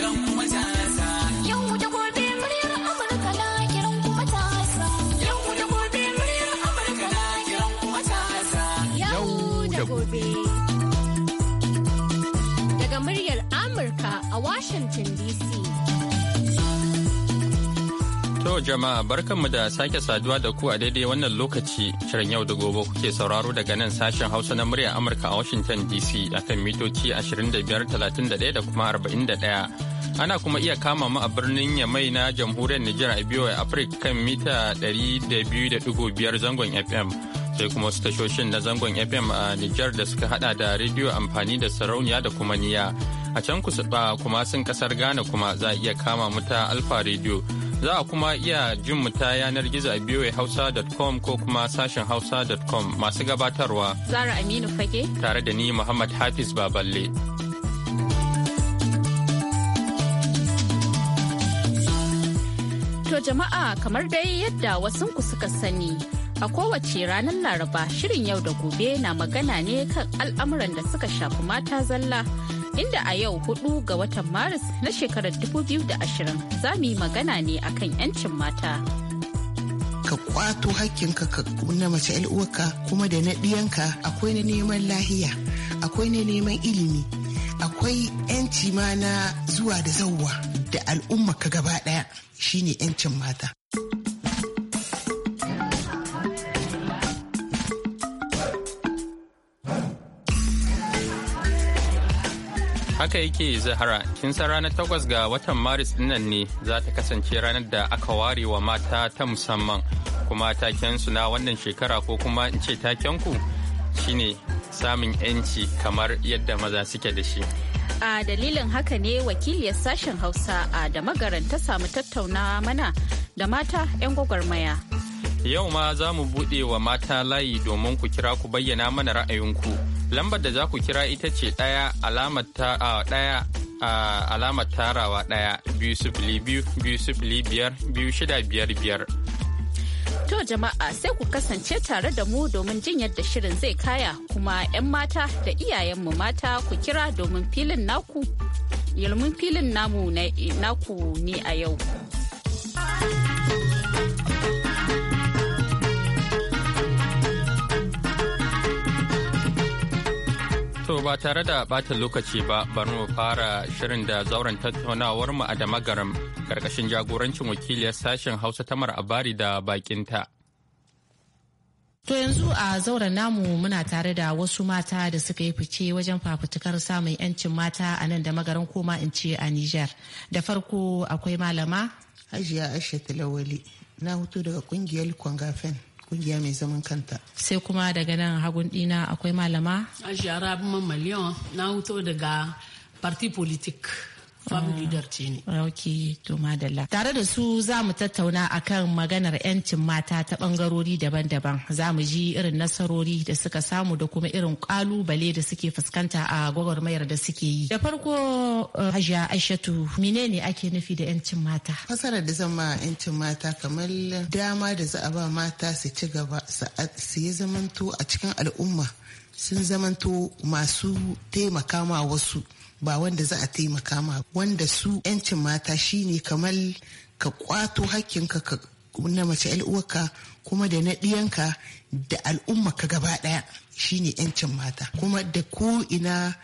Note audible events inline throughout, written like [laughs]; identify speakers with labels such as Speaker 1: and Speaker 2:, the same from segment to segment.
Speaker 1: my mutane
Speaker 2: sauraro jama'a barkanmu da sake saduwa da ku a daidai wannan lokaci shirin yau da gobe kuke sauraro daga nan sashen Hausa na murya Amurka a Washington DC akan mitoci 2531 da kuma 41. Ana kuma iya kama mu a birnin Yamai na jamhuriyar Nijar a biyo a Afirka kan mita 200.5 zangon FM. Sai kuma wasu tashoshin na zangon FM a Nijar da suka hada da rediyo amfani da sarauniya da kuma niya. A can kusa kuma sun kasar Ghana kuma za a iya kama mu ta Alfa Radio Za a kuma iya jin mu ta yanar gizo a hausa.com ko kuma sashen hausa.com masu gabatarwa.
Speaker 1: Zara Aminu Fage.
Speaker 2: Tare da ni Muhammad Hafiz Baballe.
Speaker 1: To jama'a kamar dai yadda wasunku suka sani. A kowace ranar Laraba shirin yau da gobe na magana ne kan al'amuran da suka shafi mata zalla. inda a yau hudu ga watan Maris na shekarar 2020 za mu yi magana ne akan 'yancin mata.
Speaker 3: ka kwato hakkinka ka na mace al'uwarka kuma da na ɗiyanka akwai na neman lahiya akwai na neman ilimi akwai 'yanci ma na zuwa da zauwa da al'umma ka gaba ɗaya shine 'yancin mata.
Speaker 2: Haka yake Zahara, kin san ranar takwas ga watan Maris dinnan ne za ta kasance ranar da aka ware wa mata ta musamman kuma takensu na wannan shekara ko kuma in ce taken ku shine samun 'yanci kamar yadda maza suke da shi.
Speaker 1: A dalilin haka ne wakiliyar sashen Hausa a da magaran ta samu tattauna mana da mata 'yan gwagwarmaya.
Speaker 2: Yau ma za mu buɗe wa mata layi domin ku kira ku bayyana mana ra'ayinku. Lambar da za ku kira ita ce ɗaya alamar tarawa ɗaya biyu sifili biyu biyu sifili biyar biyu shida biyar biyar.
Speaker 1: To jama'a sai ku kasance tare da mu domin jin yadda shirin zai kaya kuma 'yan mata da iyayenmu mata ku kira domin filin naku, filin namu naku ne a yau.
Speaker 2: To ba tare da bata lokaci ba bari mu fara shirin da zauren tattaunawar mu a damagaram karkashin jagorancin wakiliyar sashen Hausa Tamar Abari da bakinta.
Speaker 4: To yanzu a zauren namu muna tare da wasu mata da suka yi fice wajen fafutukar samun 'yancin mata a nan da magaran koma in ce a
Speaker 3: Nijar. Da farko akwai malama? Hajiya Aisha Talawali na hutu daga kungiyar Kwangafen. kungiya mai zaman kanta
Speaker 4: sai kuma daga nan hagun dina akwai
Speaker 5: malama a shara miliyan na huto daga parti politik family
Speaker 4: leader ce ne. Ok, to madalla. Tare da su za mu tattauna akan maganar 'yancin mata ta bangarori daban-daban. Za mu ji irin nasarori da suka samu da kuma irin kalubale da suke fuskanta a gwagwarmayar da suke yi. Da farko eh, Hajiya
Speaker 3: Aishatu, menene ake nufi da 'yancin mata? Fasarar da zama 'yancin mata kamar dama da za a ba mata su ci gaba su yi zamanto a cikin al'umma sun zamanto masu taimaka ma wasu. ba wanda za a taimaka ma wanda su 'yancin mata shine kamar ka kwato hakkinka ka na mace al'uwarka kuma da na ɗiyanka da al'ummarka gaba ɗaya shine 'yancin mata kuma da ko ina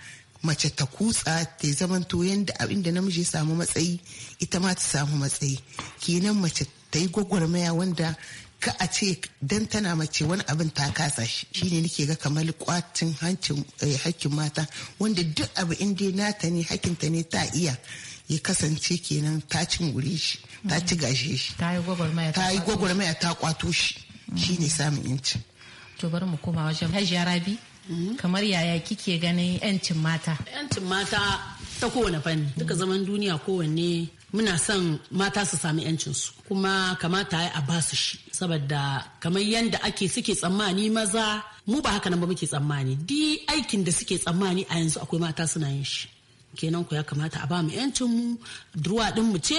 Speaker 3: mace ta kutsa ta zamanto yadda abinda namiji ya samu matsayi ita ma ta samu matsayi kenan mace ta yi gwagwarmaya wanda ka a ce dan tana mace wani abin ta kasa shi shine nake ga kamar kwatin eh, hakkin mata wanda duk abu in dai nata ne hakinta ne ta iya ya kasance kenan ta cin wuri shi ta ci mm. gashe shi ta yi gwagwarmaya ta kwato shi mm. shine samun yanci to bari mu koma wajen hajiya rabi mm.
Speaker 4: kamar yaya kike ganin yancin mata
Speaker 5: yancin mata ta kowane fanni duka zaman duniya kowanne muna son mata su sami yancinsu kuma kamata a ba su shi saboda kamar yadda ake suke tsammani maza mu ba haka nan ba muke tsammani di aikin da suke tsammani a yanzu akwai mata suna yin shi kenan ku ya kamata a ba mu yancin mu duruwa din mu ce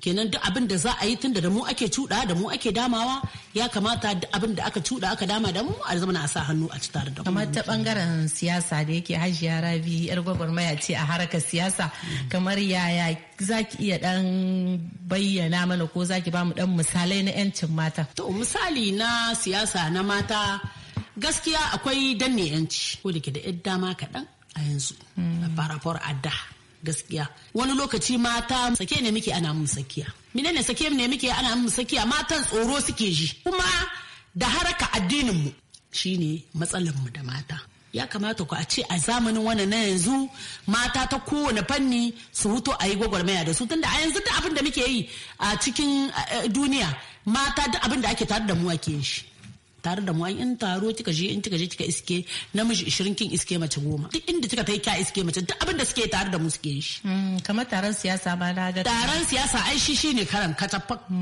Speaker 5: kenan duk abin da za a yi tunda da mu ake cuɗa da mu ake damawa ya kamata duk abin da aka cuɗa aka dama da mu a zama na sa hannu a ci tare da mu kamar ta bangaren
Speaker 4: siyasa da yake hajiya rabi yar gwagwarmaya ce a harkar siyasa kamar yaya zaki iya dan bayyana mana ko zaki ba mu dan misalai na yancin mata
Speaker 5: to misali na siyasa na mata gaskiya akwai danne yanci ko da ke da yar dama kaɗan a yanzu a hmm. fara a da gaskiya wani lokaci mata sake ne muke ana mun sakiya mine ne sake ne muke ana mun sakiya matan tsoro suke ji kuma da haraka addinin mu shine matsalar mu da mata ya kamata ku a ce a zamanin wannan na yanzu mata ta kowane fanni su huto a yi gwagwarmaya da su tunda a yanzu duk abin da muke yi a cikin eh, duniya mata duk abin da ake tare da mu ake yin shi tare da mu an in taro kika je in kika je kika iske namiji 20 kin iske mace goma duk inda kika kai kya iske mace duk abin da suke tare da mu suke shi hmm, kamar taron
Speaker 4: siyasa ba na ga taron
Speaker 5: siyasa ai shi shine karan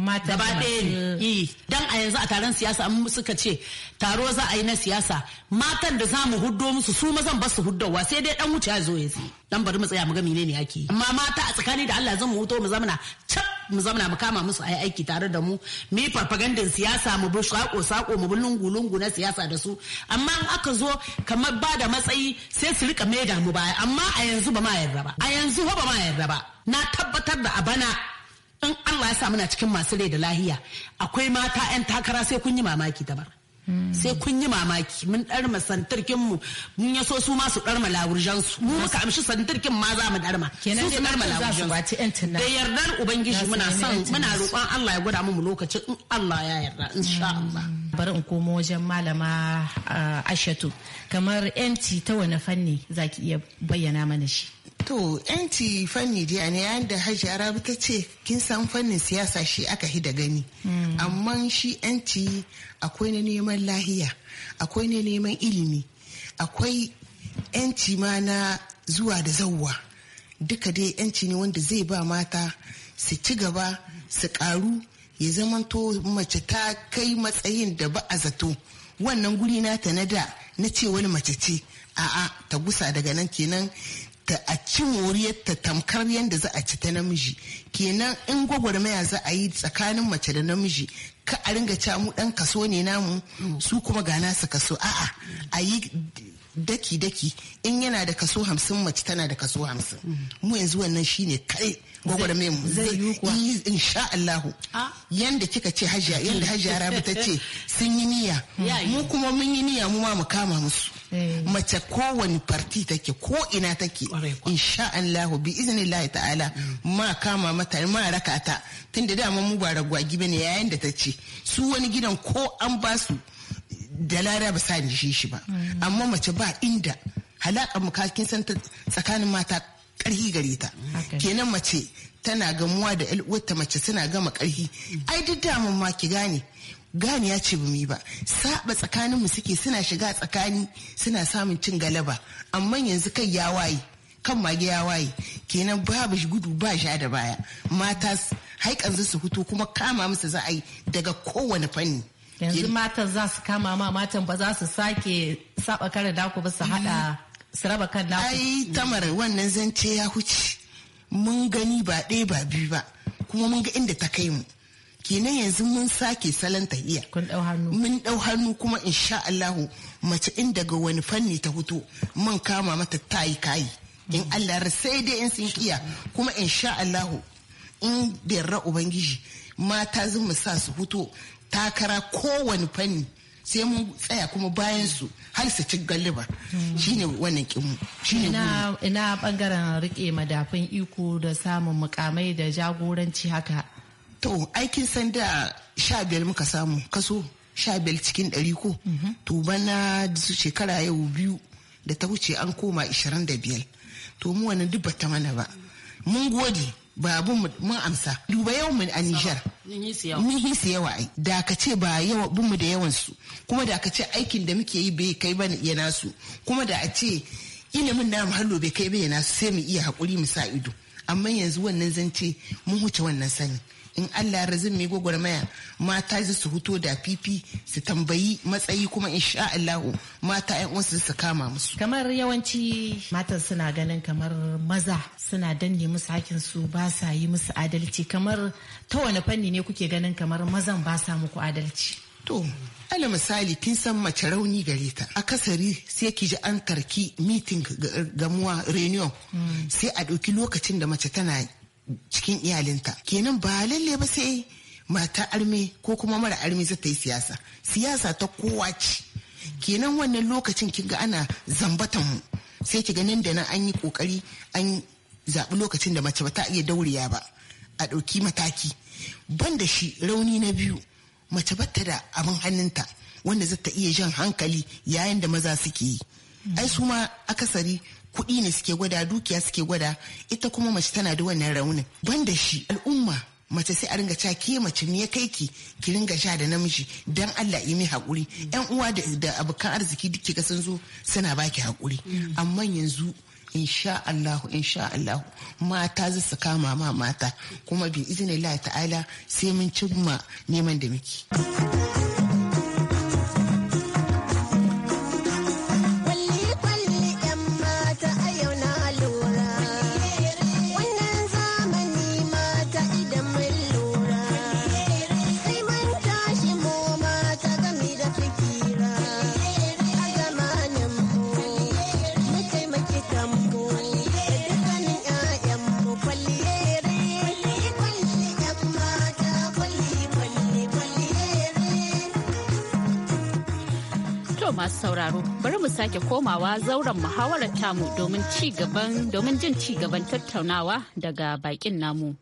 Speaker 5: mata gaba ɗaya ne eh, dan a yanzu a taron siyasa an suka ce taro za a yi na siyasa matan da za mu huddo musu su zan ba su huddowa sai dai dan wuce ya zo ya dan bari mu tsaya mu ga menene ake amma mata a tsakani da Allah zan mu huto mu zamana cap mu zamana mu kama musu ai aiki tare da mu mu yi farfagandin siyasa mu bi shako sako mu bi lungu lungu na siyasa da su amma in aka zo kamar ba da matsayi sai su rika maida mu baya amma a yanzu ba ma yarda ba a yanzu ba ma yarda ba na tabbatar da a bana in Allah ya sa muna cikin masu rai da lahiya akwai mata 'yan takara sai kun yi mamaki ta bar sai kun yi mamaki mun ɗarma santarkin mu mun ya so su ma su ɗarma lawurjan su mu muka amshi santarkin ma za mu ma su su ɗarma lawurjan da yardar ubangiji muna son muna roƙon Allah ya gwada mu lokacin in Allah ya
Speaker 4: yarda insha mm. Allah bari in komo wajen malama uh, Ashatu kamar
Speaker 3: yanci ta wani fanni zaki iya bayyana mana shi To, yanci fanni jiya ne yayin da Hajji Arabu ta ce kin san fannin siyasa shi aka hida gani. Hmm. Amma shi yanci akwai na neman lahiya, akwai na neman ilimi, akwai yanci ma na zuwa da zauwa. Duka dai yanci ne wanda zai ba mata su ci gaba, su karu, ya zamanto mace ta kai matsayin da ba a zato. Wannan guri nata na da na ce wani mace ce, a'a ta gusa daga nan kenan ta a ci moriyarta tamkar yadda za a ci ta namiji kenan in gwagwarmaya za a yi tsakanin mace da namiji ka a ringa ca mu dan kaso ne namu su kuma ga su kaso a'a a yi daki-daki in yana da kaso hamsin mace tana da kaso hamsin mu yanzu wannan shine kai gwagwarmaya mu zai yi insha Allahu yanda kika ce hajiya yanda hajiya rabu ta ce sun yi niyya mu kuma mun yi niyya mu ma mu kama musu Eh. mace kowani farti take ko ina take insha Allah bi Allah ta'ala mm. ma kama mata ma rakata tunda dama mu ba ragwagi bane yayin da ta ce su wani gidan ko an ba su da lara ba sa shi shi ba mm. amma mace ba inda halaka mu kakin san tsakanin mata karhi gare ta kenan mace tana gamuwa da uwarta mace suna gama karhi mm. ai duk dama ma ki gane gani ya ce bumi ba saba tsakanin mu suke suna shiga tsakani suna samun cin galaba amma yanzu kai ya waye kan mage ya waye kenan babu gudu ba sha da baya mata haikan su fito kuma kama musu za a yi daga kowane fanni yanzu matan za su kama ma matan ba za su sake saba kare daku ba su mm. hada su raba kan daku. ai tamar wannan zance ya huce mun gani ba ɗaya ba biyu ba kuma mun ga inda ta kai mu kenan yanzu mun sake salon tahiya mun dau hannu kuma insha Allahu mace in daga wani fanni ta fito mun kama mata tayi kayi in Allah sai dai in sun kiya kuma insha Allahu in da ubangiji mata zan mu sa su fito takara kowane fanni sai mun tsaya kuma bayan su har su ci galiba hmm. shine wannan kinmu shine
Speaker 4: ina bangaren rike madafin iko da samun mukamai da jagoranci haka
Speaker 3: to aikin sanda sha biyar muka samu kaso sha biyar cikin ɗari ko mhm. to bana su shekara yau biyu da ta wuce an koma ishirin da biyar to mu wani duk bata mana ba mun gode ba abun mun amsa duba yawan mu a Nijar
Speaker 5: mun yi su
Speaker 3: yawa ai da ka ce ba yawa bin mu da yawan su kuma da ka ce aikin da muke yi bai kai bane yana nasu kuma da a ce ilimin namu hallo bai kai bane nasu sai mu iya hakuri mu sa ido amma yanzu wannan zance mun wuce wannan sani in Allah ya razin mai gwagwarmaya mata za su huto da fifi su tambayi matsayi kuma insha Allah mata ƴan uwansu su kama musu
Speaker 4: kamar yawanci matan suna ganin kamar maza suna danne musu hakin su ba sa yi musu adalci kamar ta wani fanni ne kuke ganin kamar mazan ba sa muku adalci
Speaker 3: to ala misali kin san mace rauni gare ta akasari sai ki ji an tarki meeting gamuwa reunion mm. sai a ɗauki lokacin da mace tana cikin iyalinta kenan ba lalle ba sai mata armi ko kuma mara armi zai ta yi siyasa siyasa ta kowa ce kenan wannan lokacin kin ga ana zambatan mu sai ki ganin da nan an yi kokari an zaɓi lokacin da mace ba ta iya dauriya ba a ɗauki mataki ban da shi rauni na biyu mace ba ta da abin hannunta wanda zata iya jan hankali yayin da maza suke yi ai su ma akasari kuɗi ne suke gwada dukiya suke gwada ita kuma mace tana da wannan raunin ban da shi al'umma mace sai a ringa ca ke mace ne ya kai ki ki ringa sha da namiji dan Allah yi mai hakuri yan uwa da abokan arziki duk ga sun zo suna baki hakuri amma yanzu insha Allah insha Allah mata za su kama ma mata kuma bi izinin Allah ta'ala sai mun cimma neman da muke
Speaker 1: masu sauraro bari mu sake komawa zauren muhawarar tamu domin domin jin ci gaban tattaunawa daga bakin namu.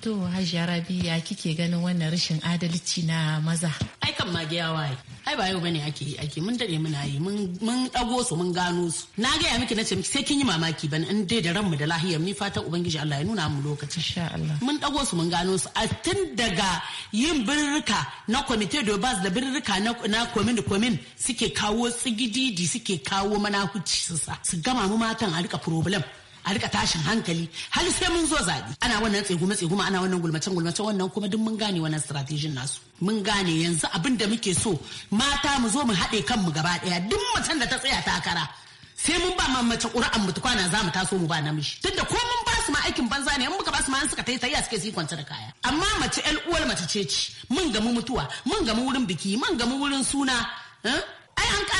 Speaker 4: To Hajiya Rabi ya kike ganin wannan rashin adalci na
Speaker 5: maza. Ai kan magiya waye. ai ba yau bane ake ake mun dade muna yi mun dago su mun gano su na gaya miki nace miki sai kin yi mamaki bane in dai da ranmu da lahiyar ni fatan ubangiji Allah ya nuna mu lokaci insha Allah mun dago su mun gano su a tun daga yin birrika na committee de base da birrika na na komin komin suke kawo tsigididi suke kawo manahuci su sa su gama mu matan a rika problem a rika tashin hankali har sai mun zo zaɓe ana wannan tseguma tseguma ana wannan gulmace gulmace wannan kuma duk mun gane wannan strategy nasu mun gane yanzu abin da muke so mata mu zo mu haɗe kanmu gaba ɗaya duk macen da ta tsaya takara sai mun ba mu mace ƙura'an mu tukwana za mu taso mu ba namiji tunda ko mun ba su ma aikin banza ne in muka ba su ma an suka tayi tayya suke su kwanta da kaya amma mace ƴan uwar mace ce ci mun gamu mutuwa mun gamu wurin biki mun gamu wurin suna eh?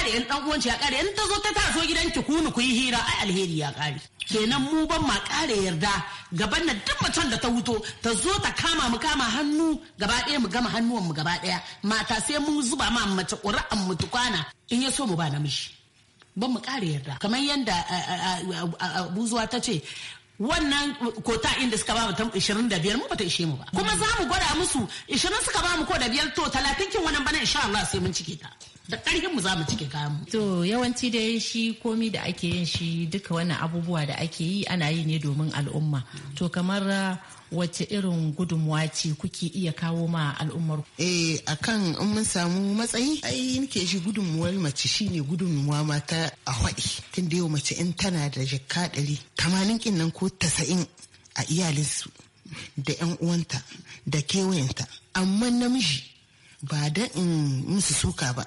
Speaker 5: kare ɗan dan uwanci ya kare in ta zo ta taso gidan ki kunu ku yi hira ai alheri ya kare kenan mu ban ma kare yarda gaban nan duk macen da ta wuto ta zo ta kama mu kama hannu gaba ɗaya mu gama hannuwan mu gaba ɗaya mata sai mu zuba ma mace ƙura'an mu tukwana in ya so mu ba namiji ban mu kare yarda kamar yadda buzuwa ta ce wannan kota inda suka ba mu mutum 25 mu bata ishe mu ba kuma za mu gwada musu 20 suka ba mu ko da biyar to 30 kin wannan bana insha Allah sai mun cike ta da ƙarfin mu za mu cike kayan
Speaker 4: To yawanci dai shi komi da ake yin shi duka wannan abubuwa da ake yi ana yi ne domin al'umma. To kamar uh, wace irin gudunmuwa ce kuke iya kawo ma al'ummar eh
Speaker 3: akan in mun samu matsayi ai nake shi gudunmuwar mace shine gudunmuwa mata a haɗi tun da yau mace in tana da jikka ɗari tamanin nan ko tasa'in a iyalinsu da yan uwanta da kewayenta amma namiji ba da in musu suka ba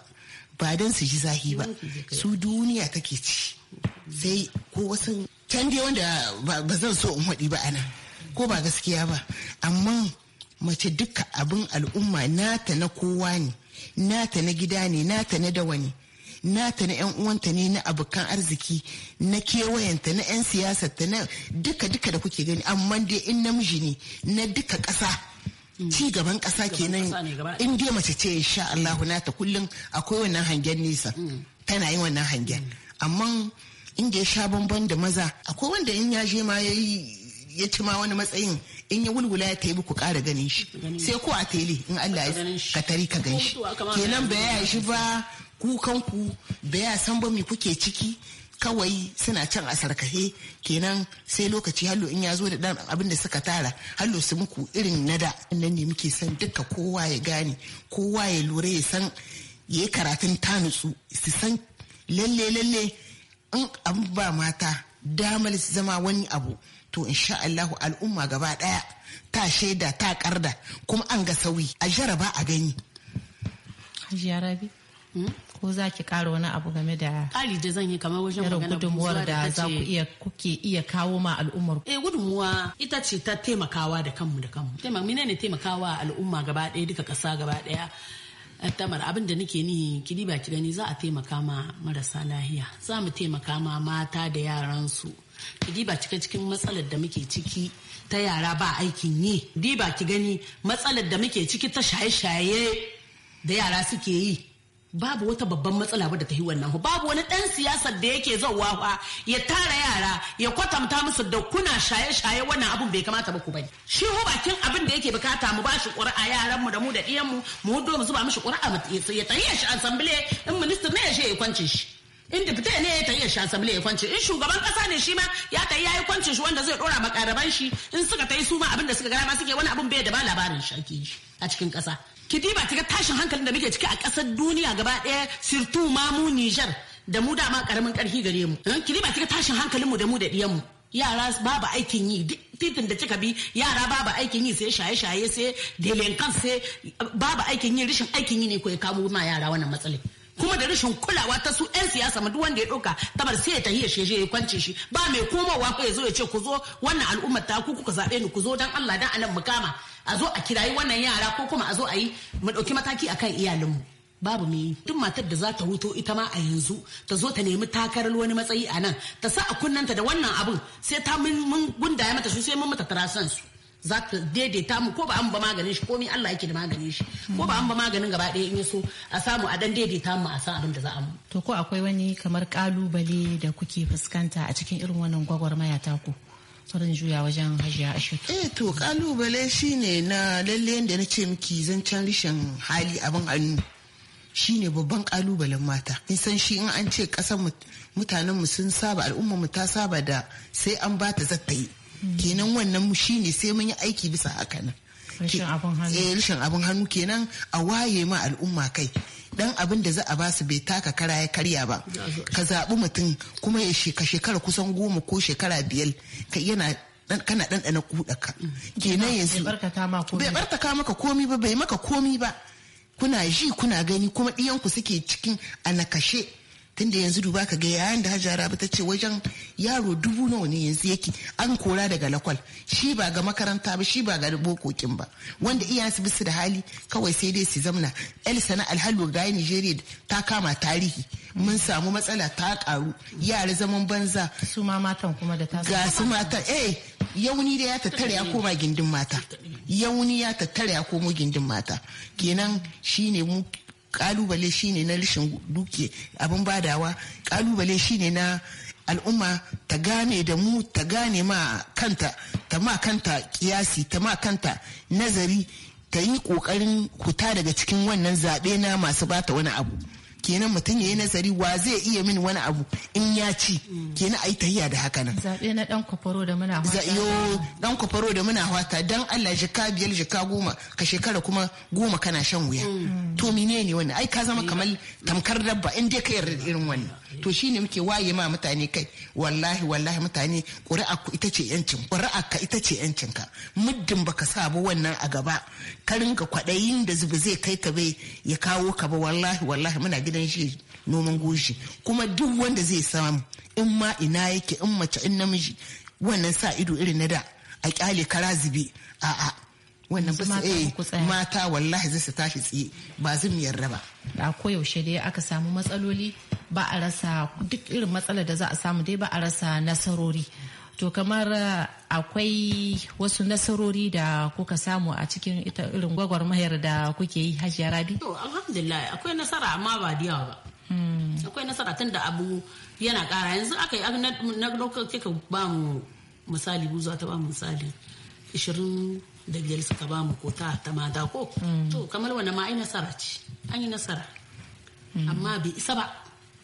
Speaker 3: ba don su ji zahi ba su duniya take ci sai ko wasu can dai wanda ba zan so in waɗi ba ana ko ba gaskiya ba amma mace duka abin al'umma nata na kowa ne nata na gida ne nata na dawa ne nata na 'yan uwanta ne na abokan arziki na kewayenta na 'yan siyasarta na duka duka da kuke gani amma dai in namiji ne na duka ƙasa Mm. ci gaban kasa kenan in dai mace ce insha Allah ta kullum akwai wannan hangen nisa mm. tana yin wannan hangen mm. amma in ya sha bamban da maza akwai wanda in ya je ma ya ya ci ma wani matsayin in ya wulwula ya taibu ku kara ganin shi sai ko a tele in Allah ya ka tari ka gan shi kenan ba ya shi ba kukan ku ba ya san ba me kuke ciki kawai suna can a sarkahe kenan sai lokaci hallo in ya zo da dan abin da suka tara hallo su muku irin na da nan ne muke san duka kowa ya gane kowa ya lura ya san ya yi karatun tanutsu su san lalle lalle in abu ba mata damar su zama wani abu to insha Allahu al'umma gaba daya ta shaida ta karda kuma an ga sauyi a jaraba a gani
Speaker 4: Hajiya ko za ki ƙara wani abu game da
Speaker 5: ƙari da zan yi kamar wajen magana gudunmuwar da za ku iya kuke iya kawo ma al'ummar eh gudunmuwa ita ce ta taimakawa da kanmu da kanmu taima mine ne taimakawa al'umma gaba ɗaya duka ƙasa gaba ɗaya eh, tamar abin da nake ni ki diba ki gani za a taimaka ma marasa lahiya za mu taimaka ma mata da yaran su ki diba cikin cikin matsalar da muke ciki ta yara ba aikin yi diba ki gani matsalar da muke ciki ta shaye-shaye da yara suke yi babu wata babban matsala wadda ta yi wannan babu wani dan siyasar da yake zauwa fa ya tara yara ya kwatanta musu da kuna shaye-shaye wannan abun bai kamata ba ku bane shi ho bakin abin da yake bukata mu bashi qur'a yaran mu da mu da ɗiyan mu mu hudo mu zuba mishi ƙuri'a ya tayi shi assembly in minister ne ya je ya kwance shi in dipte ne ya tayi shi assembly ya kwance in shugaban kasa ne shi ma ya tayi yayi kwance shi wanda zai dora makaraban shi in suka tayi su ma abin da suka gara ma suke wani abun bai da ba labarin shi a cikin kasa ki diba ga tashin hankalin da muke ciki a ƙasar duniya gaba ɗaya sirtu ma Nijar da mu dama karamin ƙarfi gare mu ki diba ga tashin hankalin mu da mu da ɗiyan mu yara babu aikin yi titin da kika bi yara babu aikin yi sai shaye-shaye sai kan sai babu aikin yi rashin aikin yi ne ko ya kamo ma yara wannan matsala. kuma da rashin kulawa ta su 'yan siyasa mu duk wanda ya ɗauka tabar sai ya tafi ya sheshe ya kwance shi ba mai komawa ko ya zo ya ce ku zo wannan al'ummar ta ku kuka zaɓe ni ku zo dan Allah dan anan kama. a zo a kirayi wannan yara ko kuma a zo a yi mu ɗauki mataki akan iyalinmu babu me duk matar da za ta huto ita ma a yanzu ta zo ta nemi takarar wani matsayi a nan ta sa a kunnanta da wannan abun sai ta mun gundaya mata su sai mun mata tarasan su za ta daidaita mu ko ba an ba maganin shi komai Allah yake da maganin shi ko ba an ba maganin gaba ɗaya in yaso a samu a dan daidaita mu a san abin da za a mu
Speaker 4: to ko akwai wani kamar kalubale da kuke fuskanta a cikin irin wannan gwagwarmaya ta taku farin juya wajen hajiya shi.
Speaker 3: eh to kalubale shine na lalle da na ce miki zancen rishin hali abin hannu shine babban kalubalen mata in san shi in an ce kasar mutanen mu sun saba al'umma mu ta saba da sai an ba ta zattai. Hmm. kenan wannan mu shine sai mun yi aiki bisa haka nan rishin eh, abin hannu kenan a waye ma al'umma kai dan abin da za a ba su bai taka kara ya karya ba ka zaɓi mutum kuma ya shekara kusan goma ko shekara biyar ka yana kana kuɗa ka kenan yanzu bai ka maka komi ba bai maka komi ba kuna ji kuna gani kuma ɗiyanku suke cikin a nakashe tunda yanzu duba ka ga yayin da hajara ta ce wajen yaro dubu nawa ne yanzu yake an kora daga lakwal shi ba ga makaranta ba shi ba ga bokokin ba wanda su bisu da hali kawai sai dai su zamna el na alhalu ga nigeria ta kama tarihi mun samu matsala ta karu yara zaman banza su ma matan kuma da ta ga su matan eh yauni da ya tattara ya koma gindin mata yauni ya tattara ya komo gindin mata kenan shine mu kalubale shine na rashin duke abin badawa kalubale shine na al'umma ta gane da mu ta gane ma kanta ta ma kanta kiyasi ta ma kanta nazari ta yi kokarin kuta daga cikin wannan zaɓe na masu bata wani abu kenan mutum ya yi nazari wa zai iya min wani abu in ya ci mm. kenan a yi tahiya da haka nan zaɓe na ɗan kwafaro da muna hwata yo ɗan kwafaro da muna hwata don Allah jika biyar jika goma ka shekara kuma goma kana shan wuya mm. to menene wannan ai ka zama kamar tamkar dabba in dai ka yarda irin wannan to shi ne muke waye ma mutane kai wallahi wallahi mutane ƙuri'a ku ita ce yancin ƙuri'a ka ita ce yancin ka muddin baka sa ba wannan a gaba ka rinka kwaɗayin da zube zai kai ka bai ya kawo ka ba wallahi wallahi muna gidan shi noman goshi kuma duk wanda zai samu in ma ina yake in mace in namiji wannan sa ido irin na da a kyale kara zube a'a wannan ba eh mata wallahi zai su tashi tsiye ba yarda ba
Speaker 4: a koyaushe dai aka samu matsaloli ba a rasa duk irin matsalar da za a samu dai ba a rasa nasarori to kamar eh, akwai wasu nasarori da kuka samu a cikin ita irin gwagwarmayar da kuke yi hajiya rabi
Speaker 5: to alhamdulillah akwai nasara amma ba da yawa ba hmm. akwai nasara tun da abu yana kara yanzu aka yi na ɗaukar kika ba mu misali buzu ta ba mu misali ishirin da suka ba mu kota ta mada ko mm. to kamar wani ma ai nasara ce an yi nasara mm. amma bai isa ba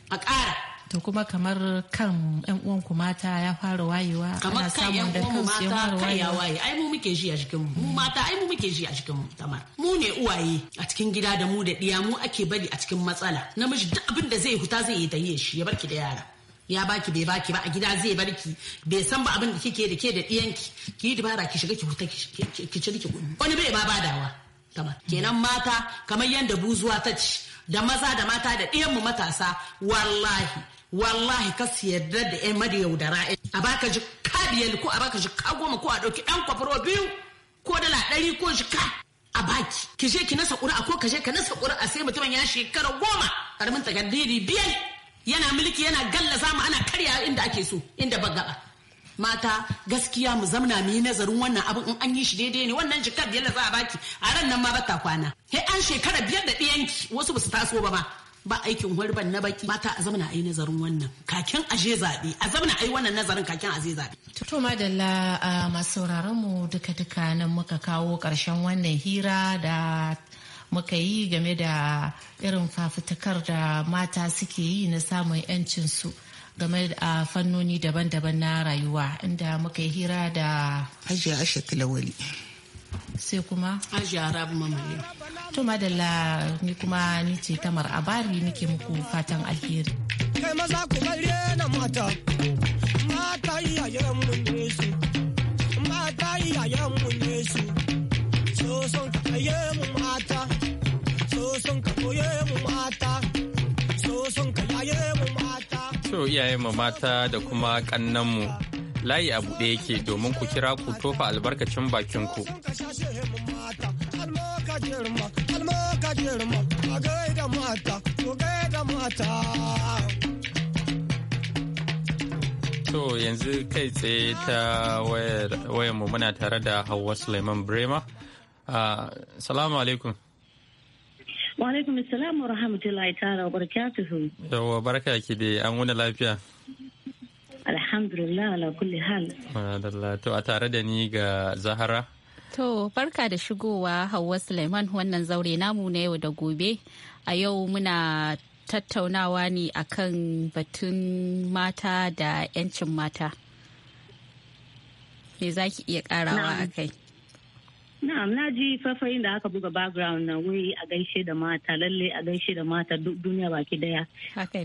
Speaker 5: a ƙara to kuma kamar
Speaker 4: kan yan uwan ku mata ya fara wayewa kamar kan yan uwan mu mata kan ya waye ai
Speaker 5: mu muke ji a cikin mu mu mata ai mu muke ji a cikin mu tamar mu ne uwaye a cikin gida da mu da diya mu ake bari a cikin matsala namiji duk abin da zai huta zai yi ta yi shi ya barki da yara ya baki bai baki ba a gida zai barki bai san ba abin da kike da ke da ɗiyanki ki yi ki shiga ki huta ki ci ki wani bai ba badawa kenan mata kamar yadda buzuwa ta ci da maza da mata da ɗiyanmu matasa wallahi wallahi ka su yarda da yan madayaudara a baka ji biyar ko a baka ka goma ko a ɗauki ɗan kwafuro biyu ko dala ɗari ko jika a baki ki je ki nasa ƙuri'a ko ka je ka nasa ƙuri'a sai mutumin ya shekara goma ƙaramin takardiri biyar yana mulki yana gallaza mu ana karya inda ake so inda ba gaba mata gaskiya mu zamna mu yi nazarin wannan abin in an yi shi daidai ne wannan jikar biyar da za a baki a ran nan ma bata kwana he an shekara biyar da ɗiyanki wasu ba su taso ba ma ba aikin hulban na baki mata a zamna ayi nazarin wannan kakin aje zaɓe a zamna ayi wannan nazarin kakin aje zaɓe.
Speaker 4: to madalla masu sauraron mu duka duka nan muka kawo ƙarshen wannan hira da muka yi game da irin fafutukar da mata suke yi na samun 'yancinsu game da fannoni daban-daban na rayuwa inda muka yi hira da
Speaker 5: hajji ashe tilawali
Speaker 4: sai kuma
Speaker 5: hajiya rabu mamaye
Speaker 4: to madalla ni kuma ni ce tamar abari nike muku fatan alheri
Speaker 6: kai maza ku bari na mata mata yi yayan mun ne su mata yi mun ne su so son ka aye
Speaker 2: to iyayen mu mata da kuma kannanmu layi a buɗe yake domin ku kira ku tofa albarkacin bakin ku. To yanzu kai tsaye ta wayar muna tare da Hauwa Suleiman Brema. Ah, salamu alaikum.
Speaker 7: Wa alaikum assalam wa rahmatullahi ta'ala wa barakatuhu.
Speaker 2: Yawwa barka ki dai an wuni lafiya.
Speaker 7: Alhamdulillah ala kulli hal.
Speaker 2: Alhamdulillah to a tare da ni ga Zahara.
Speaker 1: To barka da shigowa Hauwa Suleiman wannan zaure namu na yau da gobe. A yau muna tattaunawa ne akan batun mata da 'yancin mata. Me za ki iya karawa a kai?
Speaker 7: Na'am na ji fafayin da aka buga background na wai a gaishe da mata lalle a gaishe da mata duk duniya baki daya.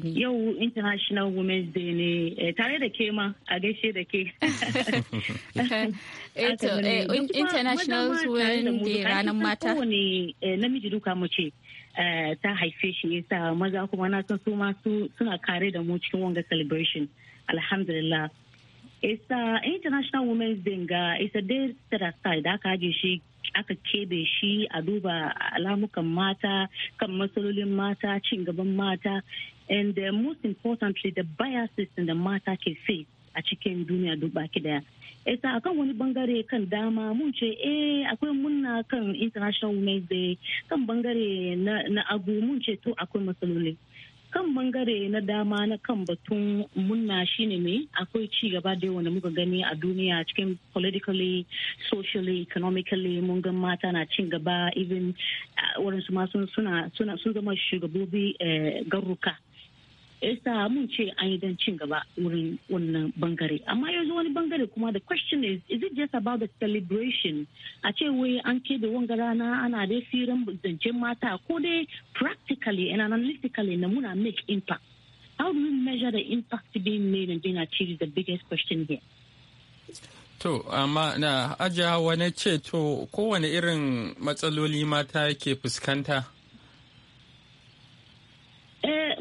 Speaker 7: Yau International Women's Day ne eh, tare da ke ma a gaishe da ke. [laughs] Eh, eh, International Women's Day ranar mata. Kowane namiji duka mu ce. ta haife shi yasa maza kuma na san su ma suna kare da mu cikin wanga celebration alhamdulillah isa uh, international women's day ga isa dai da aka haje shi aka kebe shi a duba alamukan mata kan matsalolin mata cin gaban mata and uh, most importantly the biases da mata ke face a cikin duniya duk baki daya esa uh, akan wani bangare kan dama mun ce eh akwai munna kan international women's day kan bangare na, na agu mun ce to akwai matsaloli kan bangare na dama na kan batun munna shine ne akwai ci gaba da wanda muka gani a duniya cikin politically socially economically mun ga mata na cin gaba even eh, waɗansu ma suna sun zama shugabobi eh, garruka yasa mun ce an yi don cin gaba wurin wannan bangare amma yanzu wani bangare kuma the question is is it just about the celebration a ce wai an da wanga rana ana da firan zancen mata ko dai practically and analytically na muna make impact how do we measure the impact being made and being achieved is the biggest question here
Speaker 2: To, amma na aja wani ce to kowane irin matsaloli mata ke fuskanta?
Speaker 7: Eh,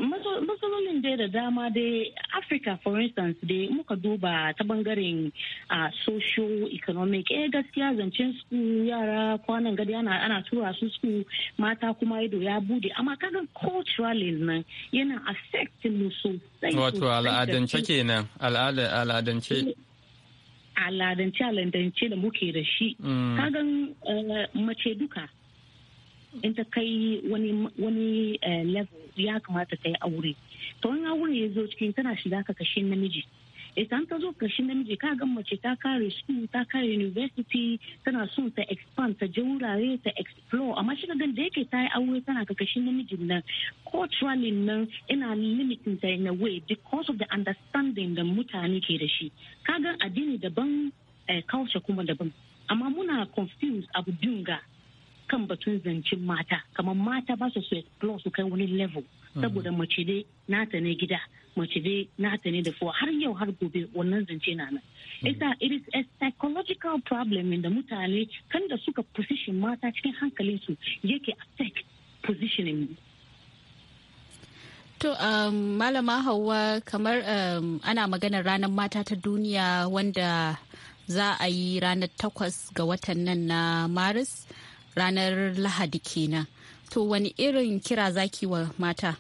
Speaker 7: matsalolin dai da dama dai Africa for instance dai muka duba ta bangaren a socio-economic eh gaskiya zancen su yara kwanan gadi ana, ana tura su su mata kuma ido ya bude amma kaga culturally nan yana affect mu sosai wato al'adance
Speaker 2: kenan al'adance eh,
Speaker 7: aladance aladance da muke da shi
Speaker 2: mm. kagan
Speaker 7: eh, mace duka in ta kai wani eh, level ya kamata ta yi aure to in aure ya zo cikin tana shiga ka kashe namiji an ta zo kashe namiji ka ga mace ta kare school ta kare university tana son ta expand ta je wurare ta explore amma shi gan da yake ta yi aure tana ka kashe namiji nan culturally nan ina limiting ta in a way because of the understanding da mutane ke da shi ka ga addini daban eh, culture kuma daban amma muna confused abu dunga kan batun zancen mata kamar mata ba su su su kai wani level mm. saboda mace dai nata ne gida mace dai nata ne da fuwa har yau har gobe wannan zance na nan mm. isa it is a psychological problem da mutane kan da suka position mata cikin su yake affect positioning
Speaker 1: To um, malama Hauwa kamar um, ana maganar ranar mata ta duniya wanda za a yi ranar takwas ga watan nan na Maris. ranar lahadi kenan to wani irin kira zaki wa mata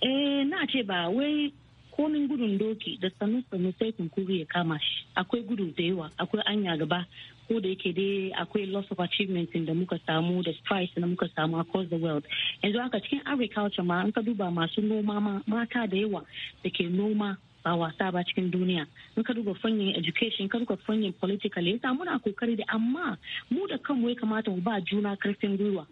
Speaker 7: eh na ce ba wai komin gudun doki da sanu sanu sai kuri ya kama shi akwai gudu da yawa akwai anya gaba ko da yake dai akwai loss of achievement da muka samu da strides na muka samu across the world yanzu haka cikin agriculture ma an ka duba masu noma mata da yawa da ke noma ba wasa ba cikin duniya in ka duba fannin education ka duba fannin political yasa muna kokari da amma mu da kanmu ya kamata mu ba juna karfin gwiwa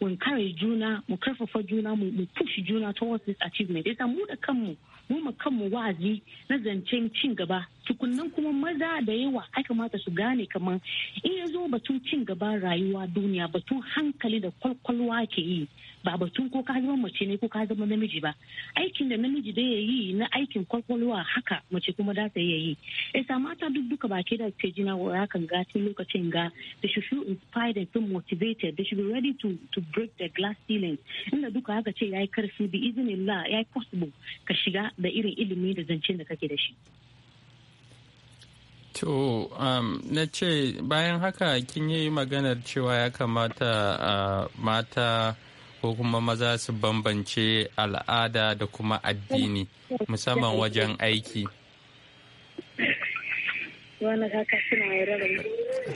Speaker 7: mu encourage juna mu karfafa juna mu push juna towards this achievement yasa mu da kanmu mu ma kanmu wa'azi na zancen cin gaba tukunnan kuma maza da yawa akamata mata su gane kamar in ya zo batun cin gaban rayuwa duniya batun hankali da kwalkwalwa ke yi ba batun ko ka zama mace ne ko ka zama namiji ba aikin da namiji da ya yi na aikin kwalkwalwa haka mace kuma za ta ya yi mata duk duka ba ke da ke jina wa kan ga tun lokacin ga da shi feel inspired and feel motivated they should be ready to to break the glass ceiling inda duka haka ce ya yi karfi bi izinin ya yi possible ka shiga da irin ilimi da zancen da kake da shi
Speaker 2: To, um, na ce bayan haka kin yi maganar cewa ya kamata uh, mata ko kuma maza su bambance al'ada da kuma addini musamman wajen aiki.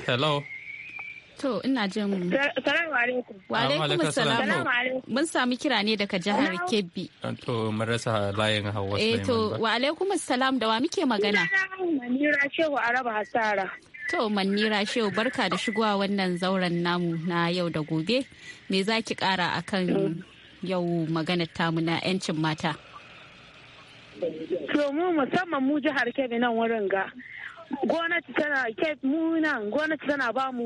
Speaker 2: Hello.
Speaker 1: To ina jin Salamu alaikum. Wa alaikum salam. Mun sami kira ne daga jihar Kebbi.
Speaker 2: To mun rasa layin Hauwa Eh to wa
Speaker 1: alaikum salam da wa muke magana? Manira Shehu Araba Hasara. To Manira Shehu barka da shigowa wannan zauren namu na yau da gobe. Me za ki kara a kan yau maganar tamu na 'yancin mata?
Speaker 7: To mu musamman mu jihar Kebbi nan wurin ga. Gwamnati tana mu nan gwamnati tana ba mu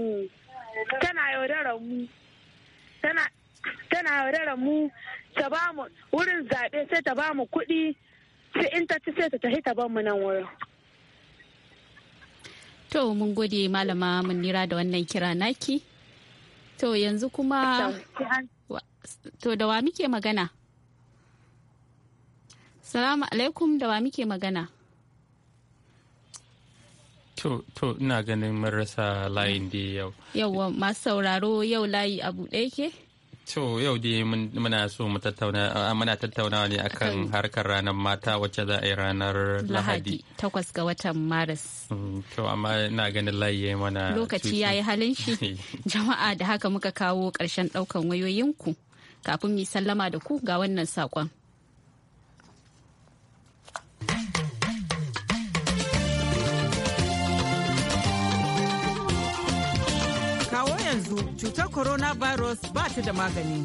Speaker 7: tana yaudara mu tana tana yaudara mu ta ba mu wurin zaɓe sai ta ba mu kuɗi sai in ta ci sai ta tafi ta ban mu nan wurin.
Speaker 1: To mun gode malama munira da wannan kira naki. To yanzu kuma to da wa muke magana? Salamu alaikum da wa muke magana?
Speaker 2: To, to ina ganin rasa layin da yau.
Speaker 1: Yawwa masu sauraro yau layi abu ɗaya ke?
Speaker 2: To yau dai muna so mu muna tattaunawa ne akan harkar ranar mata wacce za a yi ranar Lahadi.
Speaker 1: Takwas ga watan Maris. Mm,
Speaker 2: to amma ina ganin layi mana. Lokaci ya yi
Speaker 1: halin shi. [laughs] Jama'a da haka muka kawo ƙarshen ɗaukan wayoyinku. Kafin mu sallama da ku ga wannan saƙon.
Speaker 5: cutar coronavirus ba ta da magani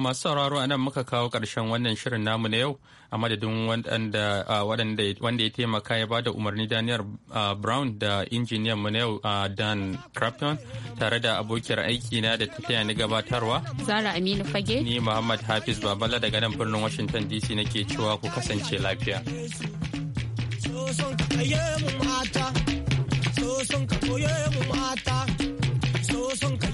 Speaker 2: masu sauraro a nan muka kawo ƙarshen wannan shirin namu na yau a madadin wanda ya taimaka ya bada umarni Daniel Brown da injiniyan mu na yau Dan Crafton tare da abokiyar aiki na da ta taya ni gabatarwa.
Speaker 1: Zara Aminu Fage.
Speaker 2: Ni Muhammad Hafiz Babala daga nan birnin Washington DC nake cewa ku kasance lafiya.
Speaker 6: so ka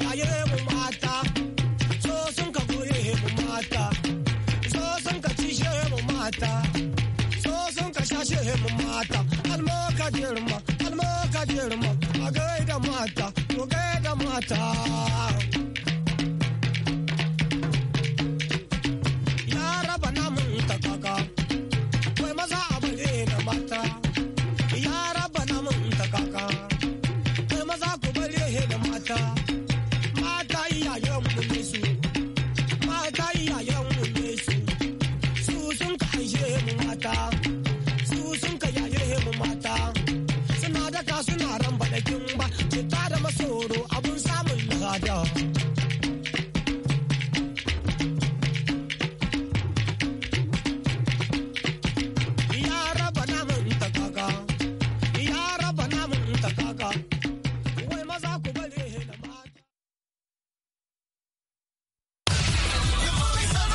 Speaker 6: ka girma alma ka girma a gaida mata to gaida mata